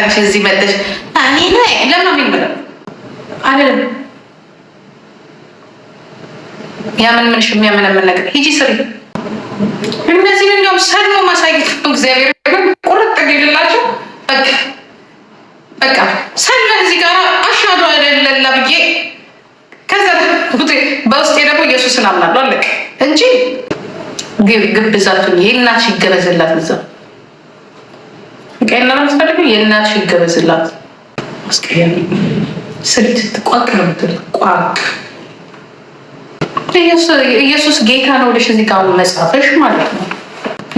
አንቺ እዚህ መጠሽ እኔ ለምን ነው የሚለው አይደለም። ያምን ምንሽ የሚያመነምን ነገር ሂጂ ስሪ። እነዚህን እንዲሁም ሰኖ ማሳየት ነው። እግዚአብሔር ቁርጥ ሊልላቸው በቃ በቃ ሰለ እዚህ ጋር አሻዶ አይደለላ ብዬ ከዛ በውስጤ ደግሞ ኢየሱስን አምናለሁ አለቅ እንጂ ግብዛቱን የእናትሽ ይገረዝላት እዛ ቀና ስፈልግ የእናት ይገበዝላት አስቀያሚ ስሪት ትቋቅ ነው ምትል ቋቅ ኢየሱስ ጌታ ነው ወደሽ እዚህ ጋር መጻፈሽ ማለት ነው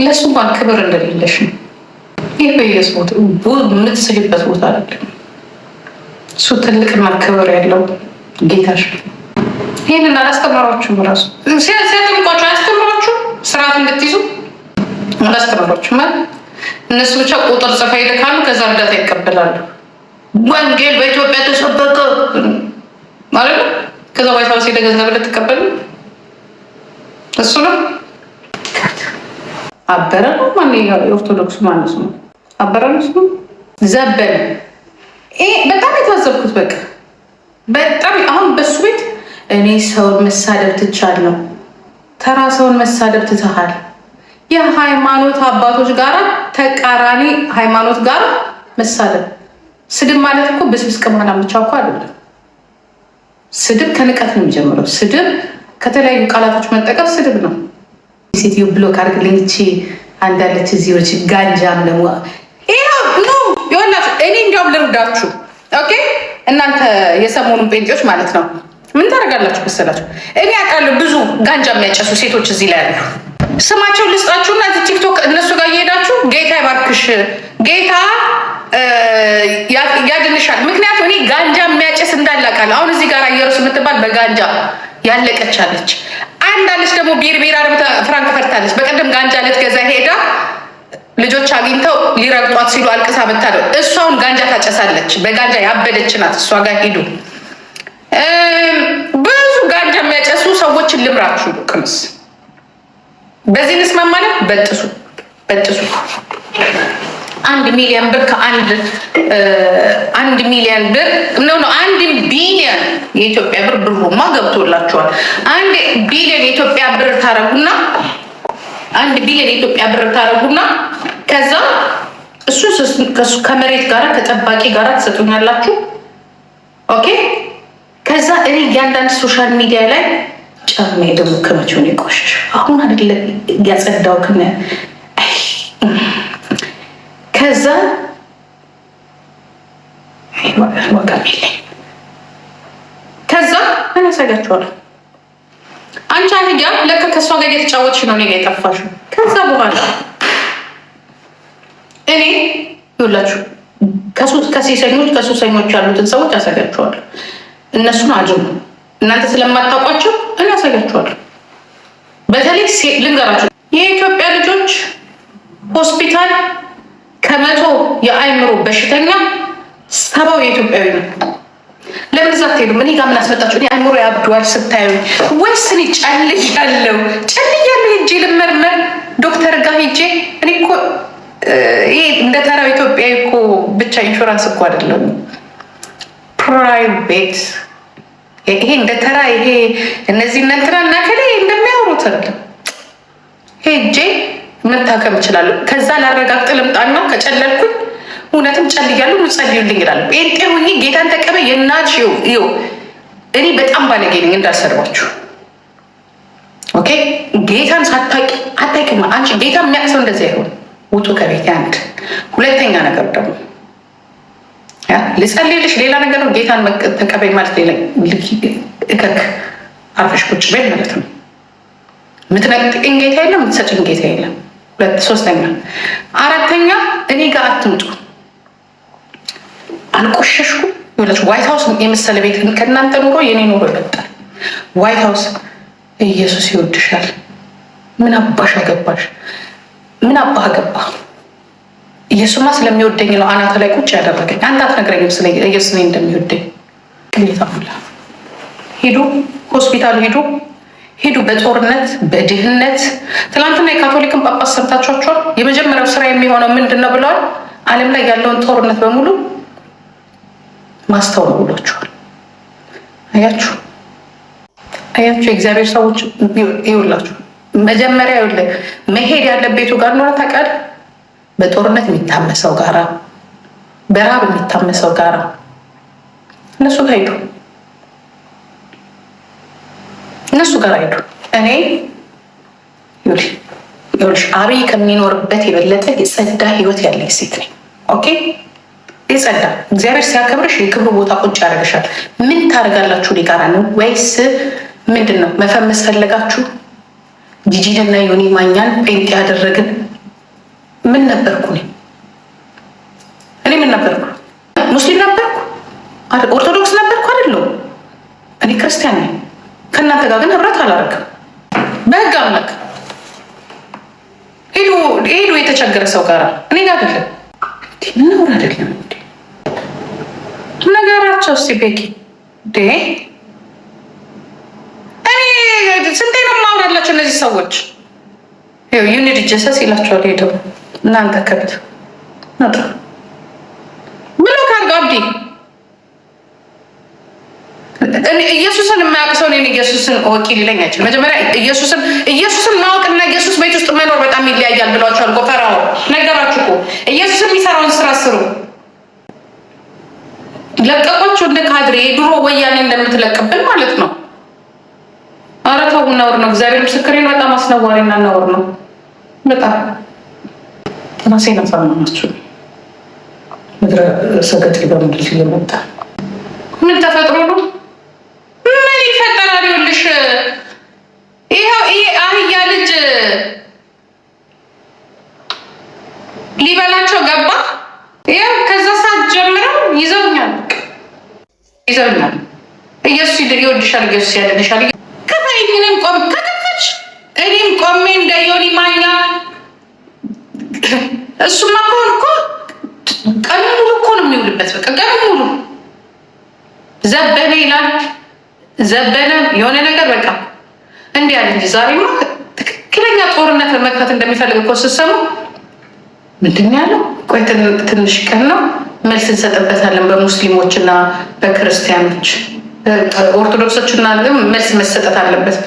ለሱ እንኳን ክብር እንደሌለሽ ነው። ይህ በኢየሱስ ቦታ የምትስጅበት ቦታ አለ። እሱ ትልቅና ክብር ያለው ጌታሽ ይህንን አላስተምሯችሁም። ራሱ ሲያጠምቋችሁ አያስተምሯችሁም። ስርዓት እንድትይዙ አላስተምሯችሁም። እነሱ ብቻ ቁጥር ጽፋ ይልካሉ፣ ከዛ እርዳታ ይቀበላሉ። ወንጌል በኢትዮጵያ ተሰበቀ ማለት ነው። ከዛ ዋይት ሀውስ ሄደህ ገንዘብ ልትቀበል እሱ ነው አበረ ነው ማን የኦርቶዶክሱ ማነሱ ነው አበረ ነው ስሙ ዘበነ። በጣም የታዘብኩት በቃ በጣም አሁን በሱ ቤት እኔ ሰውን መሳደብ ትቻለሁ፣ ተራ ሰውን መሳደብ ትተሃል። የሃይማኖት አባቶች ጋር ተቃራኒ ሃይማኖት ጋር መሳለም። ስድብ ማለት እኮ ብስብስ ቅማላ ብቻ እኮ አይደለም። ስድብ ከንቀት ነው የሚጀምረው። ስድብ ከተለያዩ ቃላቶች መጠቀም ስድብ ነው። ሴትዮ ብሎክ አድርግልኝ እቺ አንዳለች እዚዎች ጋንጃም ደግሞ ይሆናችሁ። እኔ እንዲያውም ልርዳችሁ። ኦኬ እናንተ የሰሞኑን ጴንጤዎች ማለት ነው ምን ታደርጋላችሁ መሰላችሁ? እኔ አውቃለሁ ብዙ ጋንጃ የሚያጨሱ ሴቶች እዚህ ላይ ያሉ ስማቸው ልስጣችሁና ቲክቶክ እነሱ ጋር እየሄዳችሁ ጌታ ይባርክሽ፣ ጌታ ያድንሻል። ምክንያቱም እኔ ጋንጃ የሚያጨስ እንዳላቃለ አሁን እዚህ ጋር አየሩስ የምትባል በጋንጃ ያለቀቻለች፣ አንዳለች ደግሞ ቢርቢራ ፍራንክ ፈርታለች። በቀደም ጋንጃ ልትገዛ ሄዳ ልጆች አግኝተው ሊረግጧት ሲሉ አልቅሳ መታ እሷን እሷውን ጋንጃ ታጨሳለች። በጋንጃ ያበደች ናት። እሷ ጋር ሂዱ። ብዙ ጋንጃ የሚያጨሱ ሰዎችን ልምራችሁ ቅምስ በዚህ እንስማማለን። በጥሱ በጥሱ አንድ ሚሊዮን ብር ከአንድ አንድ ሚሊዮን ብር ነው ነው አንድ ቢሊዮን የኢትዮጵያ ብር ብሩማ ገብቶላችኋል። አንድ ቢሊዮን የኢትዮጵያ ብር ታረጉና አንድ ቢሊዮን የኢትዮጵያ ብር ታረጉና ከዛ እሱ ከመሬት ጋር ከጠባቂ ጋር ትሰጡኛላችሁ። ኦኬ ከዛ እኔ እያንዳንድ ሶሻል ሚዲያ ላይ ጨርሜ ደግሞ ከመቼ ይቆሸሽ አሁን አደለ ያጸዳው ከነ ከዛ ዋጋ የለኝም። ከዛ ምን ያሳጋችኋለሁ? አንቺ አህያ ለካ ከእሷ ጋር እየተጫወትሽ ነው እኔ ጋ የጠፋሽው። ከዛ በኋላ እኔ ይኸውላችሁ ከሴሰኞች ከሱሰኞች ያሉትን ሰዎች ያሳጋችኋለሁ። እነሱን አጅቡ እናንተ ስለማታውቋቸው እኔ ያሳያችኋል። በተለይ ልንገራችሁ፣ የኢትዮጵያ ልጆች ሆስፒታል ከመቶ የአይምሮ በሽተኛ ሰባው የኢትዮጵያዊ ነው። ለምን እዛ አትሄዱም? እኔ ጋር ምን አስመጣችሁ? እኔ አይምሮ ያብዷል ስታዩ ወይስ እኔ ያለው ጨልያለሁ? ያለው ሄጄ ልመርመር ዶክተር ጋር ሄጄ እኔ እኮ ይሄ እንደ ተራው ኢትዮጵያዊ እኮ ብቻ ኢንሹራንስ እኮ አይደለም ፕራይቬት ይሄ እንደ ተራ ይሄ እነዚህ እነንትና እና ከሌ እንደሚያወሩት ሄጄ መታከም እችላለሁ። ከዛ ላረጋግጥ ልምጣና ከጨለልኩኝ እውነትም ጨልያሉ ጸልዩልኝ ይላሉ። ጴንጤ ሆኜ ጌታን ተቀበ የናጅ ይው እኔ በጣም ባለጌ ነኝ እንዳልሰድባችሁ። ኦኬ ጌታን ሳታቂ አታቂ አንቺ ጌታ የሚያቅሰው እንደዚህ ይሆን ውጡ ከቤት አንድ ሁለተኛ ነገር ደግሞ ልጸልልሽ ሌላ ነገር ነው። ጌታን ተቀበይ ማለት ሌላ እከክ አርፈሽ ቁጭ በል ማለት ነው። የምትነጥቅኝ ጌታ የለም፣ የምትሰጭኝ ጌታ የለም። ሁለት ሶስተኛ፣ አራተኛ እኔ ጋር አትምጡ። አልቆሸሽኩ ይላችሁ። ዋይት ሀውስ የመሰለ ቤት ከእናንተ ኑሮ የኔ ኑሮ ይበልጣል። ዋይት ሀውስ ኢየሱስ ይወድሻል። ምን አባሽ አገባሽ? ምን አባህ አገባ ኢየሱስማ ስለሚወደኝ ነው አናተ ላይ ቁጭ ያደረገኝ። አንተ አትነግረኝም ስለ ኢየሱስ እኔ እንደሚወደኝ ቅኝታ ሁላ ሄዱ ሆስፒታል ሄዱ ሄዱ በጦርነት በድህነት ትናንትና የካቶሊክን ጳጳስ ሰምታችኋቸዋል። የመጀመሪያው ስራ የሚሆነው ምንድን ነው ብለዋል? ዓለም ላይ ያለውን ጦርነት በሙሉ ማስተው ነው ብሏቸዋል። አያችሁ አያችሁ የእግዚአብሔር ሰዎች ይውላችሁ መጀመሪያ ይለ መሄድ ያለ ቤቱ ጋር ኖረ ታውቃለህ በጦርነት የሚታመሰው ጋራ በራብ የሚታመሰው ጋራ እነሱ ጋር ሄዱ፣ እነሱ ጋር ሄዱ። እኔ ይኸውልሽ አብይ ከሚኖርበት የበለጠ የጸዳ ህይወት ያለኝ ሴት ነኝ። ኦኬ የጸዳ እግዚአብሔር ሲያከብርሽ የክብሩ ቦታ ቁጭ ያደርግሻል። ምን ታደርጋላችሁ? ሊጋራ ነው ወይስ ምንድን ነው መፈመስ ፈለጋችሁ? ጂጂንና ዮኒ ማኛን ጴንጤ ያደረግን ምን ነበርኩ እኔ እኔ ምን ነበርኩ? ሙስሊም ነበርኩ? ኦርቶዶክስ ነበርኩ? አይደለሁም። እኔ ክርስቲያን ነኝ። ከእናንተ ጋር ግን ህብረት አላደርግም። በህግ አምላክ ሄዱ የተቸገረ ሰው ጋር እኔ ጋር አይደለም። ምንኖር አይደለም ነገራቸው ሲ ቤኪ እኔ ስንቴ ነው ማውራላቸው እነዚህ ሰዎች ዩኒድ ጀሰስ ይላቸዋል ሄደው እናንተ ከብት ነጥ ምን ካርጋ አብዲ ኢየሱስን የማያውቅ ሰው እኔን ኢየሱስን ወቂ ሊለኝ አይችል። መጀመሪያ ኢየሱስን ኢየሱስን ማወቅና ኢየሱስ ቤት ውስጥ መኖር በጣም ይለያያል ብሏቸዋል። ጎፈራው ነገራችሁ እኮ ኢየሱስ የሚሰራውን ስራ ስሩ። ለቀቋቸው እንደ ካድሬ ድሮ ወያኔ እንደምትለቅብን ማለት ነው። ኧረ ተው ነውር ነው። እግዚአብሔር ምስክሬን በጣም አስነዋሪና ነውር ነው በጣም ተናሴ ነበር ናቸው ምድረ ሰገጥ በምድር እየመጣ ምን ተፈጥሮ ነው? ምን ይፈጠራል? ይኸውልሽ ይኸው ይሄ አህያ ልጅ ሊበላቸው ገባ። ይኸው ከዛ ሰዓት ጀምረው ይዘውኛል፣ ይዘውኛል። ኢየሱስ ይወድሻል፣ ኢየሱስ ያድንሻል። እሱማ ከሆን እኮ ቀኑ ሙሉ እኮ ነው የሚውልበት። በቃ ቀኑ ሙሉ ዘበነ ይላል ዘበነ የሆነ ነገር በቃ እንዲህ ያለ እንጂ ዛሬማ ትክክለኛ ጦርነት ለመግፈት እንደሚፈልግ እኮ ስትሰሙ ምንድን ያለው ቆይ ትንሽ ቀን ነው መልስ እንሰጥበታለን። በሙስሊሞች እና በክርስቲያኖች ኦርቶዶክሶች እና መልስ መሰጠት አለበት።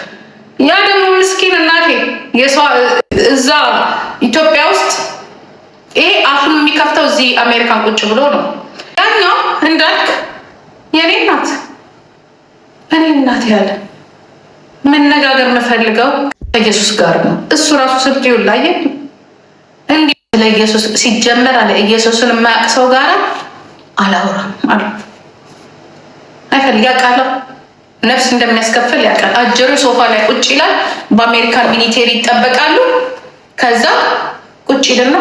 ያ ደግሞ ምስኪን እናቴ እዛ ኢትዮጵያ ይሄ አፉን የሚከፍተው እዚህ አሜሪካን ቁጭ ብሎ ነው። ያኛው እንዳልክ የኔ እናት እኔ እናት ያለ መነጋገር የምፈልገው ከኢየሱስ ጋር ነው። እሱ ራሱ ስለ ኢየሱስ ሲጀመር አለ ኢየሱስን የማያውቅ ሰው ጋር አይፈልግ ነፍስ እንደሚያስከፍል ያውቃል። ሶፋ ላይ ቁጭ ይላል። በአሜሪካን ሚሊቴሪ ይጠበቃሉ። ከዛ ቁጭ ይልና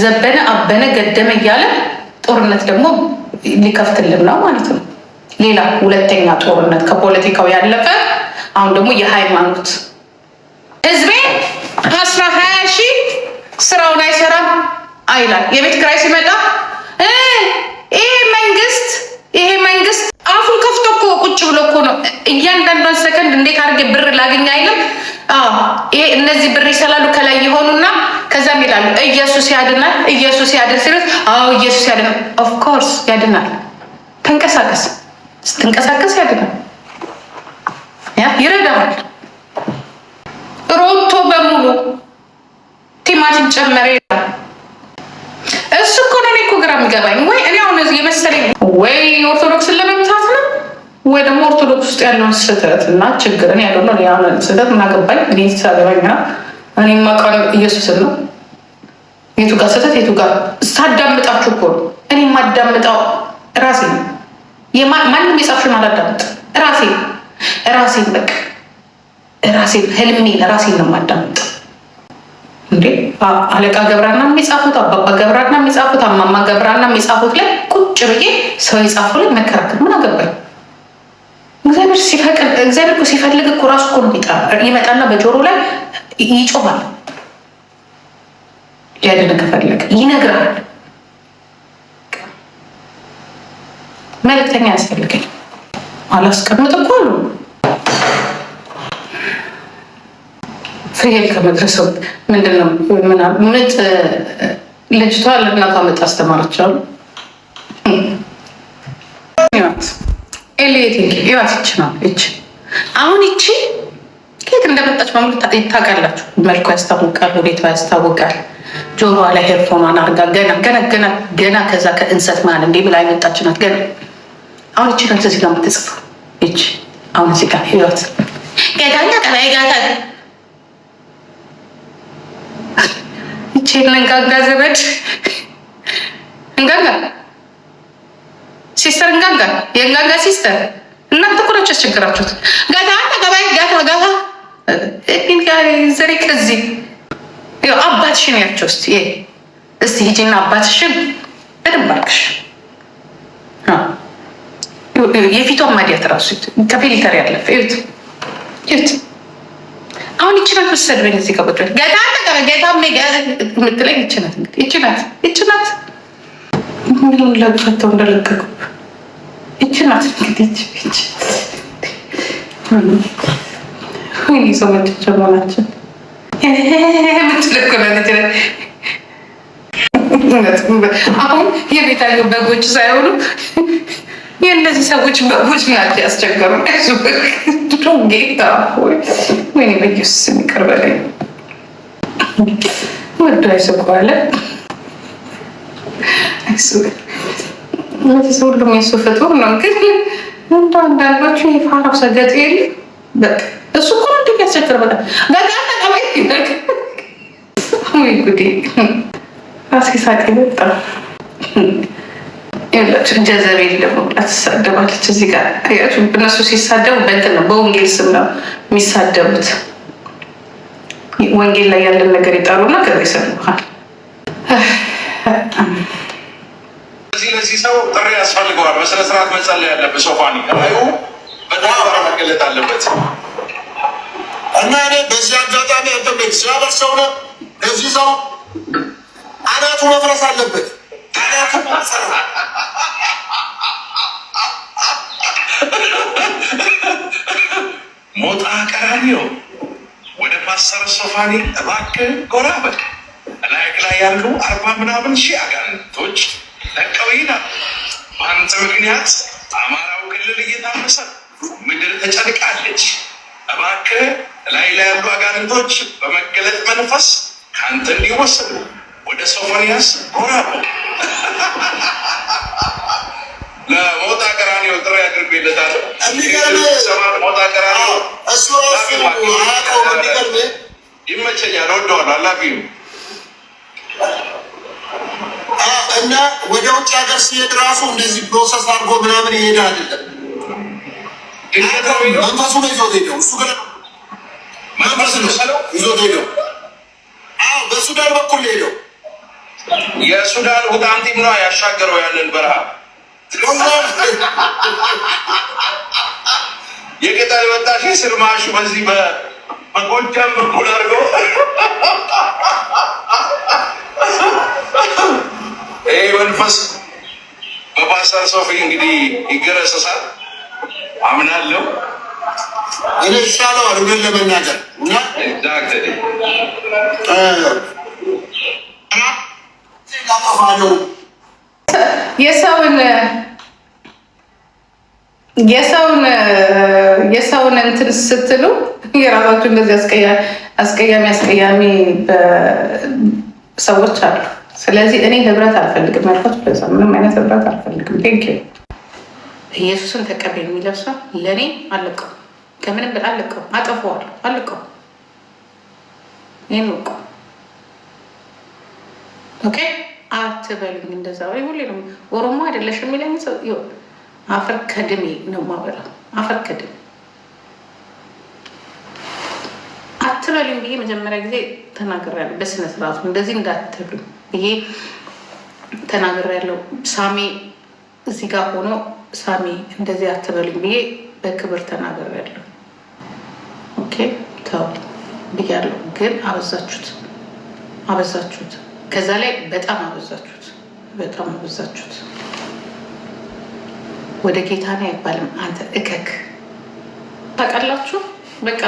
ዘበነ፣ አበነ፣ ገደመ እያለ ጦርነት ደግሞ ሊከፍትልን ነው ማለት ነው። ሌላ ሁለተኛ ጦርነት ከፖለቲካው ያለፈ አሁን ደግሞ የሃይማኖት ህዝቤ አስራ ሀያ ሺህ ስራውን አይሰራም አይላል። የቤት ክራይ ሲመጣ ቁጭ ብሎ እኮ ነው እያንዳንዷን ሰከንድ እንዴት አድርጌ ብር ላገኝ አይልም። ይሄ እነዚህ ብር ይሰላሉ ከላይ የሆኑና ከዛም ይላሉ ኢየሱስ ያድናል፣ ኢየሱስ ያድን ሲሉት፣ አዎ ኢየሱስ ያድናል። ኦፍኮርስ ያድናል። ተንቀሳቀስ፣ ስትንቀሳቀስ ያድናል፣ ይረዳል። ሮቶ በሙሉ ቲማቲም ጨመረ ይላል። እሱ እኮ ነው እኔ እኮ ግራ የሚገባኝ ወይ እኔ አሁን የመሰለኝ ወይ ኦርቶዶክስን ለመምታት ወይ ደግሞ ኦርቶዶክስ ውስጥ ያለውን ስህተት እና ችግርን ያለው ነው። ያ ስህተት ምናገባኝ እኔ ሳገባኝ እኔ ማቃል ኢየሱስን ነው የቱ ጋር ስህተት የቱ ጋር ሳዳምጣችሁ እኮ እኔ ማዳምጣው ራሴ ነው ማንም የጻፍሽን አላዳምጥ ራሴ ራሴ በቅ ራሴ ህልሜ ለራሴ ነው ማዳምጥ እንዴ አለቃ ገብራና የሚጻፉት አባባ ገብራና የሚጻፉት አማማ ገብራና የሚጻፉት ላይ ቁጭ ብዬ ሰው የጻፉ ላይ መከራከል ምን አገባኝ? እግዚአብሔር ሲፈቅድ እግዚአብሔር ሲፈልግ እኮ ራሱ እኮ ነው ይመጣና በጆሮ ላይ ይጮሃል። ሊያድን ከፈለግ ይነግራል። መልእክተኛ ያስፈልገኝ አላስቀምጥ እኮ አሉ ፍየል ከመድረሰው ምንድነው ምጥ ልጅቷ ለእናቷ ምጥ አስተማረቻሉ። ኤሌቲንግ ይዋት ይች ነው ይች አሁን ይቺ ከየት እንደመጣች በሙሉ ይታወቃላችሁ። መልኩ ያስታውቃል፣ ሁኔታ ያስታውቃል። ጆሮዋ ላይ ሄርፎኗን አርጋ ገና ገና ገና ገና ከዛ ከእንሰት ማን እንዲህ ብላ የመጣች ናት። ገና አሁን ይቺ ነው እዚህ ጋር የምትጽፈው ይች አሁን እዚህ ጋር ህይወት ገዳኛ ቀላይ ጋታ ይቺ ነንጋጋ ዘመድ እንጋጋ ሲስተር እንጋጋ የእንጋጋ ሲስተር እናንተ እኮ ናችሁ ያስቸግራችሁት። ጋታ ተገባይ ጋታ ጋታ ዘሬ ቅዚ አባትሽን ያቸው ስ እስቲ ሂጂና አባትሽን በደንብ አድርግሽ የፊቷን ማዲያት ራሱ ከፌሊተር ያለፈ ዩት ዩት አሁን ይችናት ወሰድበኝ እዚህ ከቦ ገታ ተቀረ ገታ የምትለኝ ይችናት ይችናት ይችናት ምን ለግፈተው እንደለቀቁ ይችላል እንግዲህ ይች ወይ ሰዎች ጀመናችን አሁን የቤታዩ በጎች ሳይሆኑ የእነዚህ ሰዎች በጎች ናቸው ያስቸገሩ። ድሮ ጌታ ወይ በኢየሱስ የሚቀርበ ላይ ወዶ አይስቁ አለ እነዚህ ሁሉም የሱ ፍጡር ነው። ግን እንደ አንዳንዶቹ የፋራው ሰገጥ የለ እሱ እኮ እንዲ ያስቸግር በጣም በቃ ጠቀመኝ ጉዴ አስኪሳቂ በጣም ያላችሁ ጀዘቤል ለመውጣት ትሳደባለች። እዚህ ጋር አያችሁ፣ እነሱ ሲሳደቡ በእንትን ነው በወንጌል ስም ነው የሚሳደቡት። ወንጌል ላይ ያለን ነገር ይጠሩና ከዛ ይሰድቡሃል። ለዚህ ሰው ጥሪ ያስፈልገዋል። በስነ ስርዓት መጸለይ ያለበት ሶፋኒ ራዩ በጣም መገለጥ አለበት እና እኔ በዚህ አጋጣሚ አንተ እግዚአብሔር ሰው ነው። ለዚህ ሰው አናቱ መፍረስ አለበት። አናቱ ሞጣ ቀራኒዮ ወደ ፓስተር ሶፋኒ እባክህ ጎራ በል። እላይክ ላይ ያሉ አርባ ምናምን ሺህ አጋንንቶች በአንተ ምክንያት አማራው ክልል እየታመሰ ምድር ተጨልቃለች። እባክህ ላይ ላይ ያሉ አጋንንቶች በመገለጥ መንፈስ ከአንተ እንዲወሰዱ ወደ ሶፎንያስ ጎራ በል። ለሞጣ ቀራኒ ጥሪ አድርጎለታል። ሞጣ ቀራኒ ይመቸኛል፣ ወደዋል አላፊ እና ወደ ውጭ ሀገር ሲሄድ ራሱ እንደዚህ ፕሮሰስ አድርጎ ምናምን ይሄድ አይደለም። መንፈሱ ነው ይዞት ሄደው እሱ ገ መንፈሱ ነው ይዞት ሄደው አዎ በሱዳን በኩል ሄደው የሱዳን ሁታንቲም ነው ያሻገረው ያንን በረሃ የቅጠል ወጣሽ ስርማሹ በዚህ በጎጃም በኩል አድርገው ይህ መንፈስ በፓስተር ሶፊ እንግዲህ ይገረሰሳል አምናለሁ። እኔ ይሻለው አድርገን ለመናገር እና የሰውን የሰውን የሰውን እንትን ስትሉ የራሳችሁ እንደዚህ አስቀያሚ አስቀያሚ ሰዎች አሉ። ስለዚህ እኔ ህብረት አልፈልግም ያልኳት በዛ ምንም አይነት ህብረት አልፈልግም። ቴንክ ኢየሱስን ተቀብ የሚለብሰው ለእኔ አልቀው ከምንም በላይ አልቀው አጠፈዋል አልቀው ይህን ውቁ ኦኬ አትበሉኝ እንደዛ ወይ ሁሌ ነው ኦሮሞ አይደለሽ የሚለኝ ሰው ይሆን አፈር ከድሜ ነው ማበላው አፈር ከድሜ አትበሉኝ ብዬ መጀመሪያ ጊዜ ተናግሬያለሁ በስነስርዓቱ እንደዚህ እንዳትብሉኝ ይሄ ተናገር ያለው ሳሚ እዚህ ጋር ሆኖ ሳሚ እንደዚህ አትበልኝ ብዬ በክብር ተናገር ያለው ኦኬ ተው ብያለሁ። ግን አበዛችሁት፣ አበዛችሁት። ከዛ ላይ በጣም አበዛችሁት፣ በጣም አበዛችሁት። ወደ ጌታ ነው አይባልም። አንተ እከክ ታውቃላችሁ። በቃ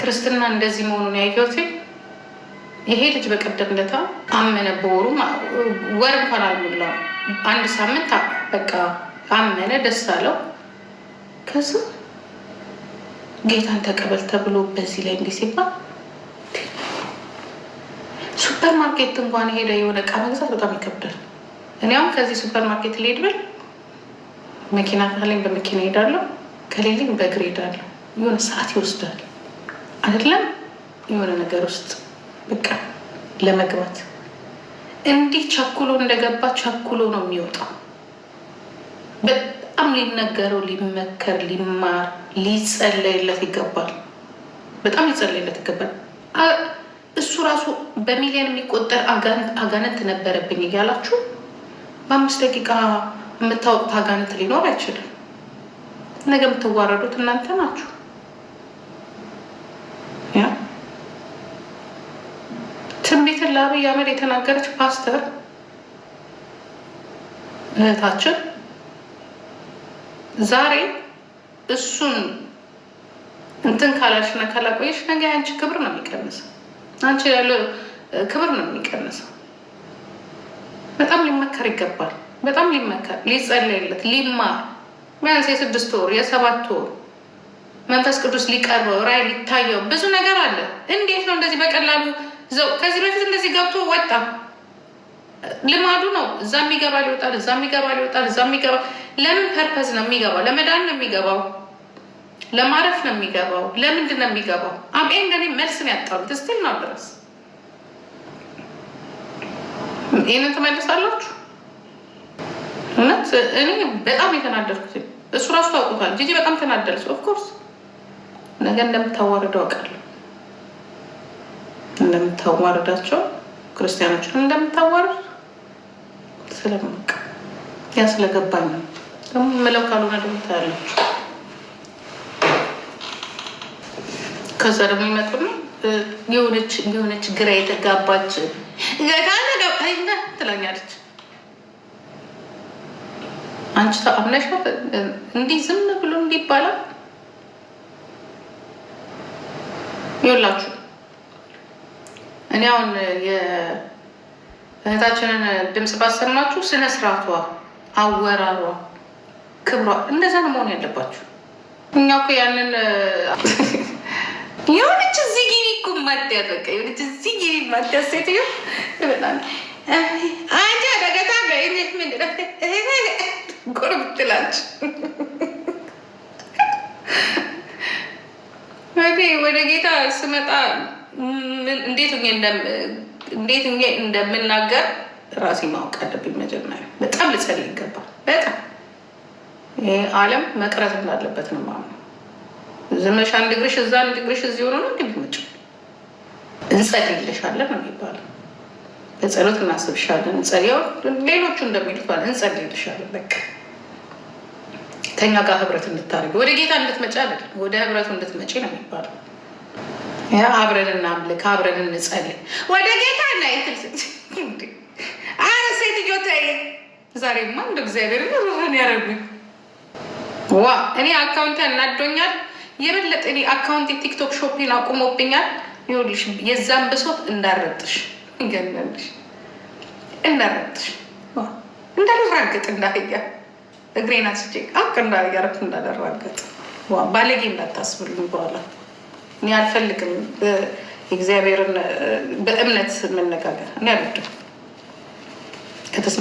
ክርስትና እንደዚህ መሆኑን ያየሁት ይሄ ልጅ በቀደም አመነ። በወሩ ወር እንኳን አልሞላም። አንድ ሳምንት በቃ አመነ፣ ደስ አለው። ከዛ ጌታን ተቀበል ተብሎ በዚህ ላይ እንዲህ ሲባል ሱፐር ማርኬት እንኳን ሄደ የሆነ እቃ መግዛት በጣም ይከብዳል። እኔ አሁን ከዚህ ሱፐር ማርኬት ልሄድ ብል መኪና ካለኝ በመኪና ሄዳለሁ፣ ከሌለኝ በእግር ሄዳለሁ። የሆነ ሰዓት ይወስዳል አይደለም የሆነ ነገር ውስጥ በቃ ለመግባት እንዲህ ቸኩሎ እንደገባ ቸኩሎ ነው የሚወጣው። በጣም ሊነገረው፣ ሊመከር፣ ሊማር፣ ሊጸለይለት ይገባል። በጣም ሊጸለይለት ይገባል። እሱ ራሱ በሚሊዮን የሚቆጠር አጋንንት ነበረብኝ እያላችሁ በአምስት ደቂቃ የምታወጡት አጋንንት ሊኖር አይችልም። ነገ የምትዋረዱት እናንተ ናችሁ። እንዴት ለአብይ አህመድ የተናገረች ፓስተር እህታችን ዛሬ እሱን እንትን ካላልሽና ካላቆየሽ ነገ አንቺ ክብር ነው የሚቀንሰው። አንቺ ያለው ክብር ነው የሚቀንሰው። በጣም ሊመከር ይገባል። በጣም ሊመከር፣ ሊጸለይለት፣ ሊማር ቢያንስ የስድስት ወር የሰባት ወር መንፈስ ቅዱስ ሊቀርበው ራይ ሊታየው ብዙ ነገር አለ። እንዴት ነው እንደዚህ በቀላሉ ከዚህ በፊት እንደዚህ ገብቶ ወጣ። ልማዱ ነው። እዛ የሚገባ ሊወጣል፣ እዛ የሚገባ ሊወጣል፣ እዛ የሚገባ ለምን ፐርፐዝ ነው የሚገባው? ለመዳን ነው የሚገባው፣ ለማረፍ ነው የሚገባው። ለምንድን ነው የሚገባው? አብኤን ገኔ መልስን ያጣሉት እስቲል ነው ድረስ ይህንን ትመልሳላችሁ። እውነት እኔ በጣም የተናደርኩት እሱ ራሱ ታውቁታል። ጂጂ በጣም ተናደደች። ኦፍኮርስ ነገ እንደምታዋርደው አውቃለሁ። እንደምታዋርዳቸው ክርስቲያኖችን እንደምታዋርድ ስለምቅ ያ ስለገባኝ ደግሞ ምለው ካልሆነ ደግሞ ታያለች። ከዛ ደግሞ ይመጡና የሆነች የሆነች ግራ የተጋባች ካለደይና ትለኛለች። አንቺ ተአምነሻ እንዲህ ዝም ብሎ እንዲባላል ይባላል እኔ አሁን የእህታችንን ድምፅ ባሰማችሁ ስነ ስርዓቷ፣ አወራሯ፣ ክብሯ እንደዛ ነው መሆን ያለባችሁ። እኛ እኮ ያንን የሆነች እዚህ ጊዜ እኮ ማትያት በቃ የሆነች እዚህ ጊዜ ማትያት ሴትዮ አንቺ አደገታ ቁርብ ትላች ወደ ጌታ ስመጣ እንዴት እንዴት እንደምናገር ራሴ ማወቅ አለብኝ። መጀመሪያ በጣም ልጸልይ ይገባል። በጣም ይህ ዓለም መቅረት እንዳለበት ነው የማምነው። ዝመሻ አንድ እግርሽ እዛ አንድ እግርሽ እዚህ ሆኖ ነው እንግዲህ ምጭ እንጸልይልሻለን ነው የሚባለው። በጸሎት እናስብሻለን። እንጸልያው ሌሎቹ እንደሚሉት ባለ እንጸልይልሻለን። በቃ ከኛ ጋር ህብረት እንድታደርግ ወደ ጌታ እንድትመጪ አይደለም ወደ ህብረቱ እንድትመጪ ነው የሚባለው። አብረን እናምልክ፣ አብረን እንጸልይ ወደ ጌታ እና አረ ሴትዮ ተይ፣ ዛሬማ እንደ እግዚአብሔር ሩን ዋ እኔ አካውንት ያናዶኛል የበለጠ እኔ አካውንት የቲክቶክ ሾፒን አቁሞብኛል። ይኸውልሽ የዛን ብሶት እንዳረጥሽ እንዳረጥሽ እንዳልራገጥ እንዳያ እግሬን አስቼ አቅ እንዳያረግ እንዳልራገጥ ባለጌ እንዳታስብልኝ በኋላ እኔ አልፈልግም። እግዚአብሔርን በእምነት መነጋገር እኔ አልወድም።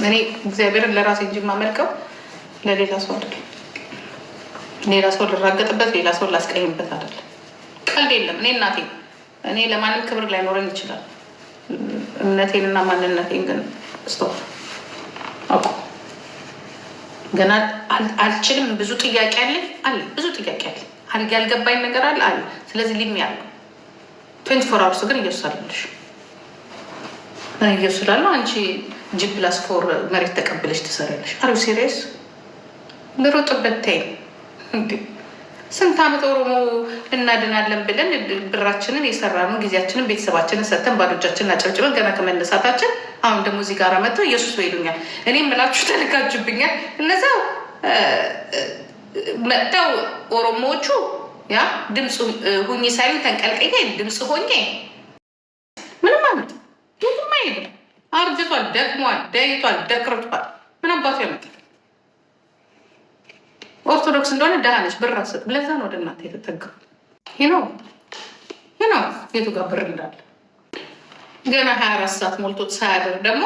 እኔ እግዚአብሔርን ለራሴ እንጂ የማመልከው ለሌላ ሰው አይደለም። ሌላ ሰው ልራገጥበት፣ ሌላ ሰው ላስቀይምበት አይደለም። ቀልድ የለም። እኔ እናቴ እኔ ለማንም ክብር ላይኖረኝ ይችላል። እምነቴንና ማንነቴን ግን ስቶፍ አቁ ገና አልችልም። ብዙ ጥያቄ አለኝ አለ ብዙ ጥያቄ አለኝ። ሀኒጌ ያልገባኝ ነገር አለ አለ። ስለዚህ ሊሚ ያለ ትዌንቲ ፎር አወርስ ግን ኢየሱስ አለልሽ። ምን ኢየሱስ ስላለ አንቺ ጂ ፕላስ ፎር መሬት ተቀብለሽ ትሰሪያለሽ። አሪ ሲሪየስ ልሮጥበት ተይ እንዴ! ስንት ዓመት ኦሮሞ እናድናለን ብለን ብራችንን የሰራነው ጊዜያችንን ቤተሰባችንን ሰተን ባዶ እጃችንን አጨብጭበን ገና ከመነሳታችን አሁን ደግሞ እዚህ ጋር መጥተው ኢየሱስ በይሉኛል። እኔ ምላችሁ ተልጋጁብኛል እነዛው መጥተው ኦሮሞዎቹ ያ ድምፅ ሁኝ ሳይሉ ተንቀልቀየ ድምፅ ሆኜ ምንም አመጣ ምንም አይሄድም። አርጅቷል፣ ደክሟል፣ ደይቷል፣ ደክርቷል። ምን አባቱ ያመጣል? ኦርቶዶክስ እንደሆነ ደህና ነች፣ ብር አትሰጥም። ለዛ ነው ወደ እናንተ የተጠጋው። ነው ይነው የቱ ጋር ብር እንዳለ ገና ሀያ አራት ሰዓት ሞልቶት ሳያደር ደግሞ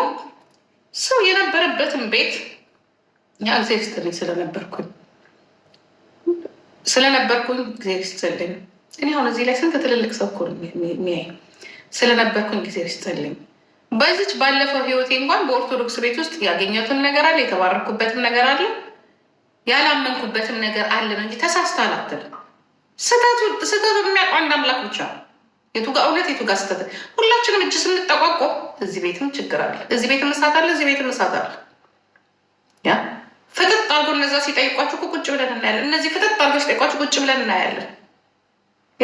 ሰው የነበረበትን ቤት ያ ሴክስተሪ ስለነበርኩኝ ስለነበርኩኝ ጊዜ ይስጥልኝ። እኔ አሁን እዚህ ላይ ስንት ትልልቅ ሰው እኮ የሚያይ ስለነበርኩኝ ጊዜ ይስጥልኝ። በዚች ባለፈው ህይወቴ እንኳን በኦርቶዶክስ ቤት ውስጥ ያገኘሁትም ነገር አለ፣ የተባረኩበትም ነገር አለ፣ ያላመንኩበትም ነገር አለ ነው እንጂ ተሳስታ አላትል ስህተቱ የሚያውቀው አንድ አምላክ ብቻ የቱጋ እውነት የቱጋ ስህተት? ሁላችንም እጅ ስንጠቋቆ እዚህ ቤትም ችግር አለ፣ እዚህ ቤትም እሳት አለ፣ እዚህ ቤትም እሳት አለ። ፍጥጥ አርጎ እነዛ ሲጠይቋችሁ ቁጭ ብለን እናያለን። እነዚህ ፍጥጥ አርጎ ሲጠይቋችሁ ቁጭ ብለን እናያለን።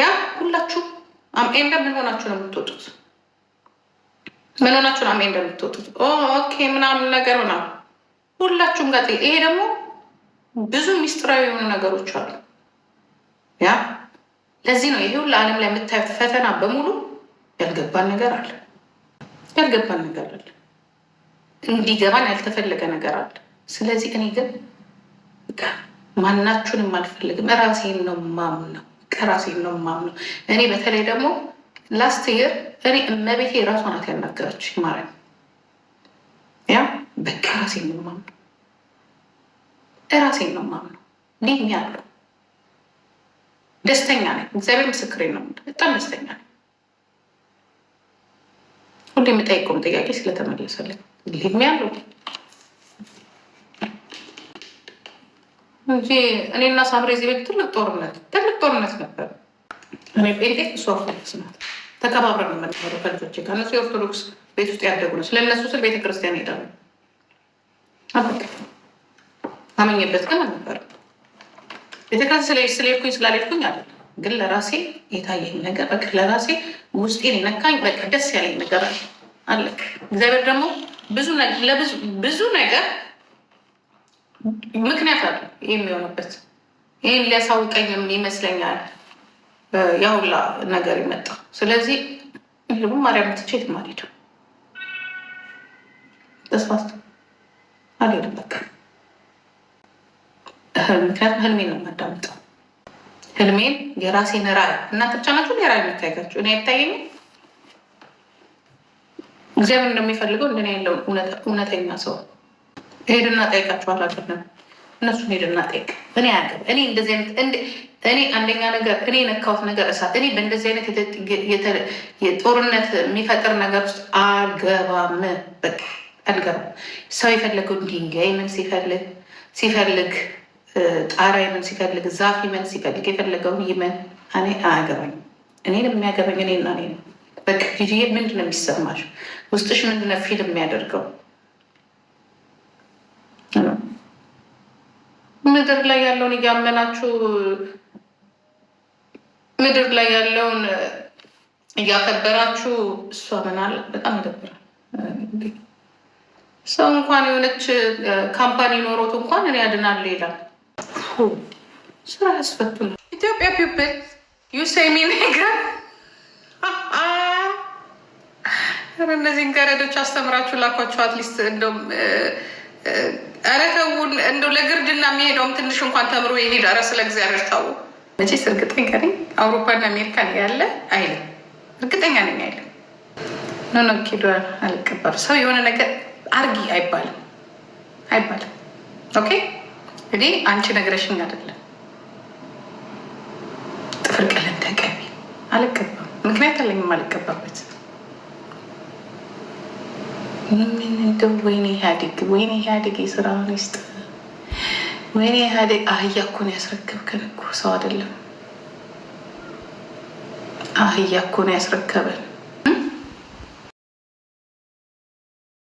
ያ ሁላችሁ አምኤ እንደምንሆናችሁ ነው የምትወጡት። ምን ሆናችሁ ነው እንደምትወጡት? ኦኬ ምናምን ነገር ምናምን ሁላችሁም ጋር ይሄ ደግሞ ብዙ ሚስጥራዊ የሆኑ ነገሮች አሉ። ያ ለዚህ ነው ይሄ ሁሉ ዓለም ላይ የምታዩት ፈተና በሙሉ ያልገባን ነገር አለ፣ ያልገባን ነገር አለ፣ እንዲገባን ያልተፈለገ ነገር አለ። ስለዚህ እኔ ግን ማናችሁንም አልፈልግም። ራሴን ነው ማምነው፣ ራሴን ነው ማምነው። እኔ በተለይ ደግሞ ላስት ይር እኔ እመቤቴ ራሷ ናት ያናገረች ማለት ያ በቃ ራሴን ነው ማምነው፣ ራሴን ነው ማምነው። ሊኝ ያለው ደስተኛ ነኝ። እግዚአብሔር ምስክሬ ነው። በጣም ደስተኛ ነኝ። ሁሌ የምጠይቀውም ጥያቄ ስለተመለሰልኝ ሊሚያሉ እንጂ እኔና ሳምሬ እዚህ ቤት ትልቅ ጦርነት ትልቅ ጦርነት ነበር። እኔ ጴንጤ እሱ ኦርቶዶክስ ናት። ተከባብረን የምንኖረው ከልጆቼ ከነሱ የኦርቶዶክስ ቤት ውስጥ ያደጉ ነው። ስለነሱ ስል ቤተክርስቲያን ሄዳሉ አመኝበት ቀን አልነበረም። ቤተክርስቲያን ስለሄድኩኝ ስላልሄድኩኝ አለ ግን ለራሴ የታየኝ ነገር በቃ ለራሴ ውስጤን የነካኝ በቃ ደስ ያለኝ ነገር አለ። እግዚአብሔር ደግሞ ብዙ ነገር ምክንያት አለ የሚሆንበት። ይህን ሊያሳውቀኝም ይመስለኛል የሁላ ነገር ይመጣ። ስለዚህ ልቡ ማርያም ትቼ የትም አልሄድም፣ ተስፋስ አልሄድም። በቃ ምክንያቱም ህልሜን ነው የማዳምጠው። ህልሜን የራሴን ራዕይ እናንተ ብቻ ናችሁ የራዕይ የምታይጋችሁ፣ እኔ አይታየኝ። እግዚአብሔር እንደሚፈልገው እንደኔ ያለው እውነተኛ ሰው ሄድና ጠይቃቸው አገርነም እነሱ ሄድና ጠይቅ። እኔ ያገር እኔ እንደዚህ አይነት እኔ አንደኛ ነገር እኔ የነካሁት ነገር እሳት። እኔ በእንደዚህ አይነት የጦርነት የሚፈጥር ነገር ውስጥ አልገባም። በቃ አልገባም። ሰው የፈለገው ድንጋይ ምን ሲፈልግ ሲፈልግ ጣራ ይመን ሲፈልግ ዛፍ ይመን ሲፈልግ የፈለገውን ይመን፣ እኔ አያገባኝ። እኔን የሚያገባኝ እኔና እኔ ነው። በቃ ጊዜ ምንድን ነው የሚሰማሽ? ውስጥሽ ምንድን ነው ፊልም የሚያደርገው? ምድር ላይ ያለውን እያመናችሁ ምድር ላይ ያለውን እያከበራችሁ እሷ ምናል በጣም ይደብራል። ሰው እንኳን የሆነች ካምፓኒ ኖሮት እንኳን እኔ ያድናል ይላል። ስራ ያስፈቱ ነው። ኢትዮጵያ ፒፕል ዩሴሚ ነገር እነዚህን ገረዶች አስተምራችሁ ላኳቸው። አትሊስት እንደውም ኧረ ተውን። እንደው ለግርድና የሚሄደውም ትንሽ እንኳን ተምሮ የሄድ ኧረ ስለ እግዚአብሔር ተው መቼስ እርግጠኛ ነኝ አውሮፓና አሜሪካን ያለ አይልም። እርግጠኛ ነኝ አይልም። ኖ ኖ ኪዶር አልቀበሩ ሰው የሆነ ነገር አርጊ አይባልም፣ አይባልም። ኦኬ እኔ አንቺ ነግረሽኝ አይደለም ጥፍር ቀለም ተቀቢ አልቀባም፣ ምክንያት አለኝም አልቀባበት ምን እንደው ወይኔ ኢህአዴግ ወይኔ ኢህአዴግ የስራውን ይስጥ። ወይኔ ኢህአዴግ አህያ እኮ ነው ያስረከብከን እኮ ሰው አይደለም። አህያ እኮ ነው ያስረከበን።